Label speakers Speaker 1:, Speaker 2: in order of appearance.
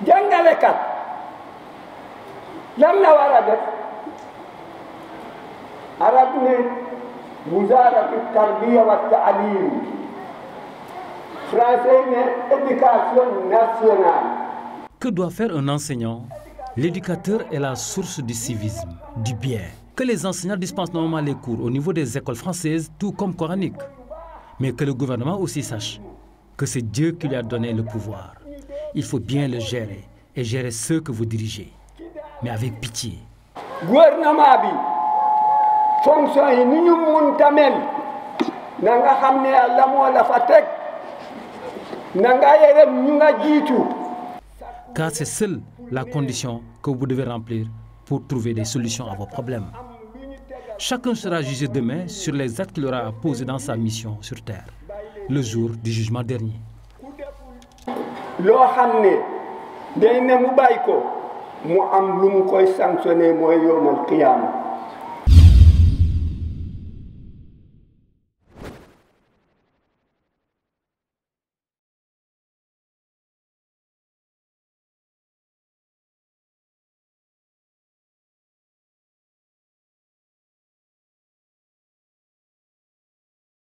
Speaker 1: Que
Speaker 2: doit faire un enseignant? L'éducateur est la source du civisme, du bien. Que les enseignants dispensent normalement les cours au niveau des écoles françaises, tout comme coraniques. Mais que le gouvernement aussi sache que c'est Dieu qui lui a donné le pouvoir il faut bien le gérer et gérer ceux que vous dirigez, mais avec pitié. car c'est seule la condition que vous devez remplir pour trouver des solutions à vos problèmes. Chacun sera jugé demain sur les actes qu'il aura posés dans sa mission sur Terre, le jour du jugement dernier.
Speaker 1: loo xam ne day ne mu bàyyi ko mu am lu mu koy sanctionné mooy yowmal qiyaama